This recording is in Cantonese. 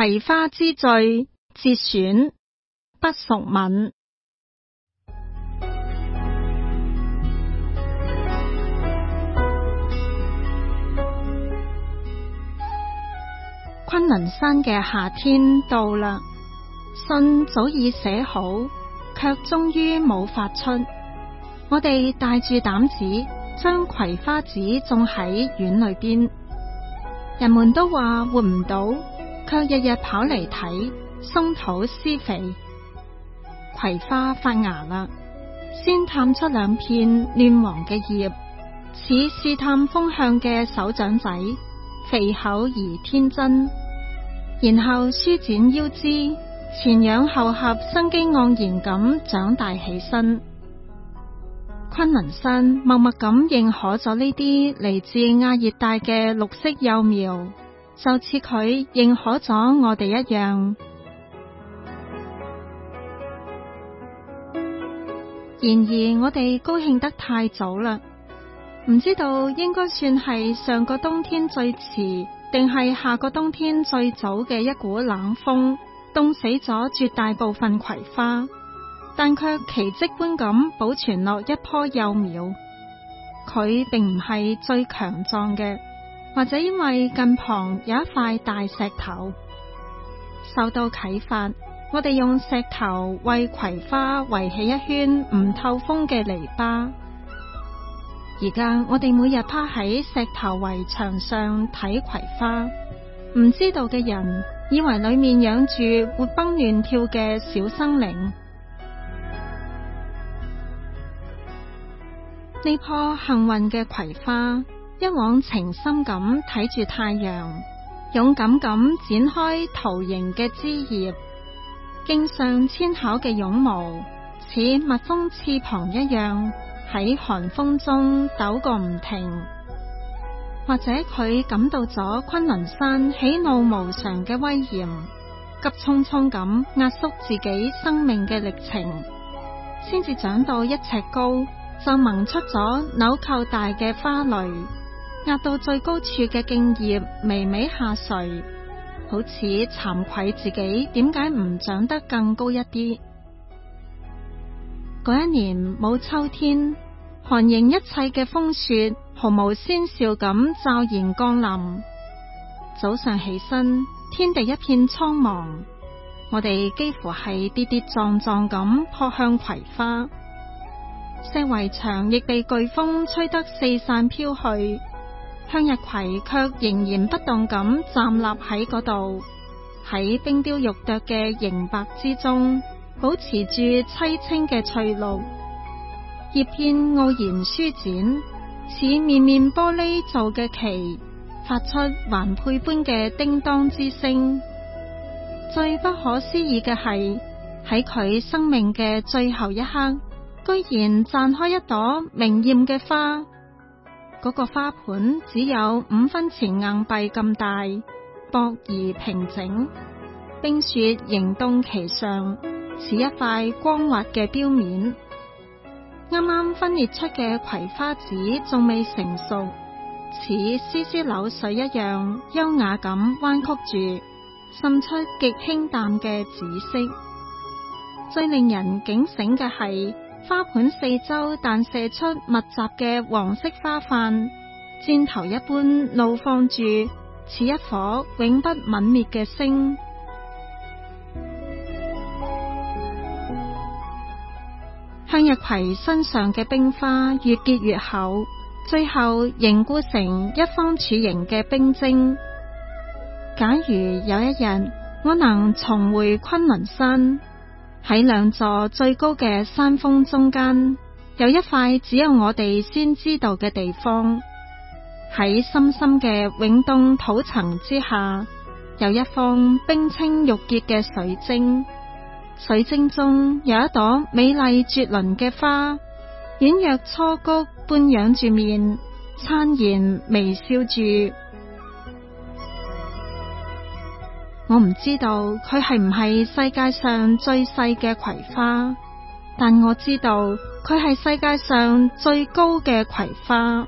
葵花之最節選，畢淑敏。昆崙山嘅夏天到喇，信早已寫好，卻終於冇發出。我哋大住膽子，將葵花籽種喺院裏邊。人們都話活唔到。佢日日跑嚟睇鬆土施肥，葵花發芽啦，先探出兩片嫩黃嘅葉，似試探風向嘅手掌仔，肥厚而天真。然後舒展腰肢，前仰後合，生機盎然咁長大起身。崑崙山默默咁認可咗呢啲嚟自亞熱帶嘅綠色幼苗。就似佢認可咗我哋一樣，然而我哋高興得太早啦，唔知道應該算係上個冬天最遲，定係下個冬天最早嘅一股冷風，凍死咗絕大部分葵花，但卻奇跡般咁保存落一棵幼苗，佢並唔係最強壯嘅。或者因為近旁有一塊大石頭，受到啟發，我哋用石頭為葵花圍起一圈唔透風嘅籬笆。而家我哋每日趴喺石頭圍牆上睇葵花，唔知道嘅人以為裏面養住活蹦亂跳嘅小生靈。呢棵幸運嘅葵花。一往情深咁睇住太陽，勇敢咁展開桃形嘅枝葉，莖上千口嘅絨毛，似蜜蜂翅膀一樣喺寒風中抖個唔停。或者佢感到咗昆崙山喜怒無常嘅威嚴，急匆匆咁壓縮自己生命嘅歷程，先至長到一尺高，就萌出咗紐扣大嘅花蕾。壓到最高處嘅莖葉微微下垂，好似慚愧自己點解唔長得更高一啲。嗰一年冇秋天，寒凝一切嘅風雪毫無先兆咁驟然降臨。早上起身，天地一片蒼茫，我哋幾乎係跌跌撞撞咁撲向葵花，石圍牆亦被颶風吹得四散飄去。向日葵卻仍然不動咁站立喺嗰度，喺冰雕玉琢嘅瑩白之中，保持住淒清嘅翠綠，葉片傲然舒展，似面面玻璃做嘅旗，發出環佩般嘅叮噹之聲。最不可思議嘅係喺佢生命嘅最後一刻，居然綻開一朵明艷嘅花。.嗰個花盤只有五分錢硬幣咁大，薄而平整，冰雪凝凍其上，似一塊光滑嘅表面。啱啱分裂出嘅葵花籽仲未成熟，似絲絲柳絮一樣優雅咁彎曲住，滲出極輕淡嘅紫色。最令人警醒嘅係。花盤四周，彈射出密集嘅黃色花瓣，箭頭一般怒放住，似一顆永不泯滅嘅星。 向日葵身上嘅冰花越結越厚，最後凝固成一方柱形嘅冰晶。假如有一日我能重回昆侖山。喺兩座最高嘅山峰中間，有一塊只有我哋先知道嘅地方。喺深深嘅永凍土層之下，有一方冰清玉潔嘅水晶。水晶中有一朵美麗絕倫嘅花，宛若初菊般仰住面，燦然微笑住。我唔知道佢係唔係世界上最細嘅葵花，但我知道佢係世界上最高嘅葵花。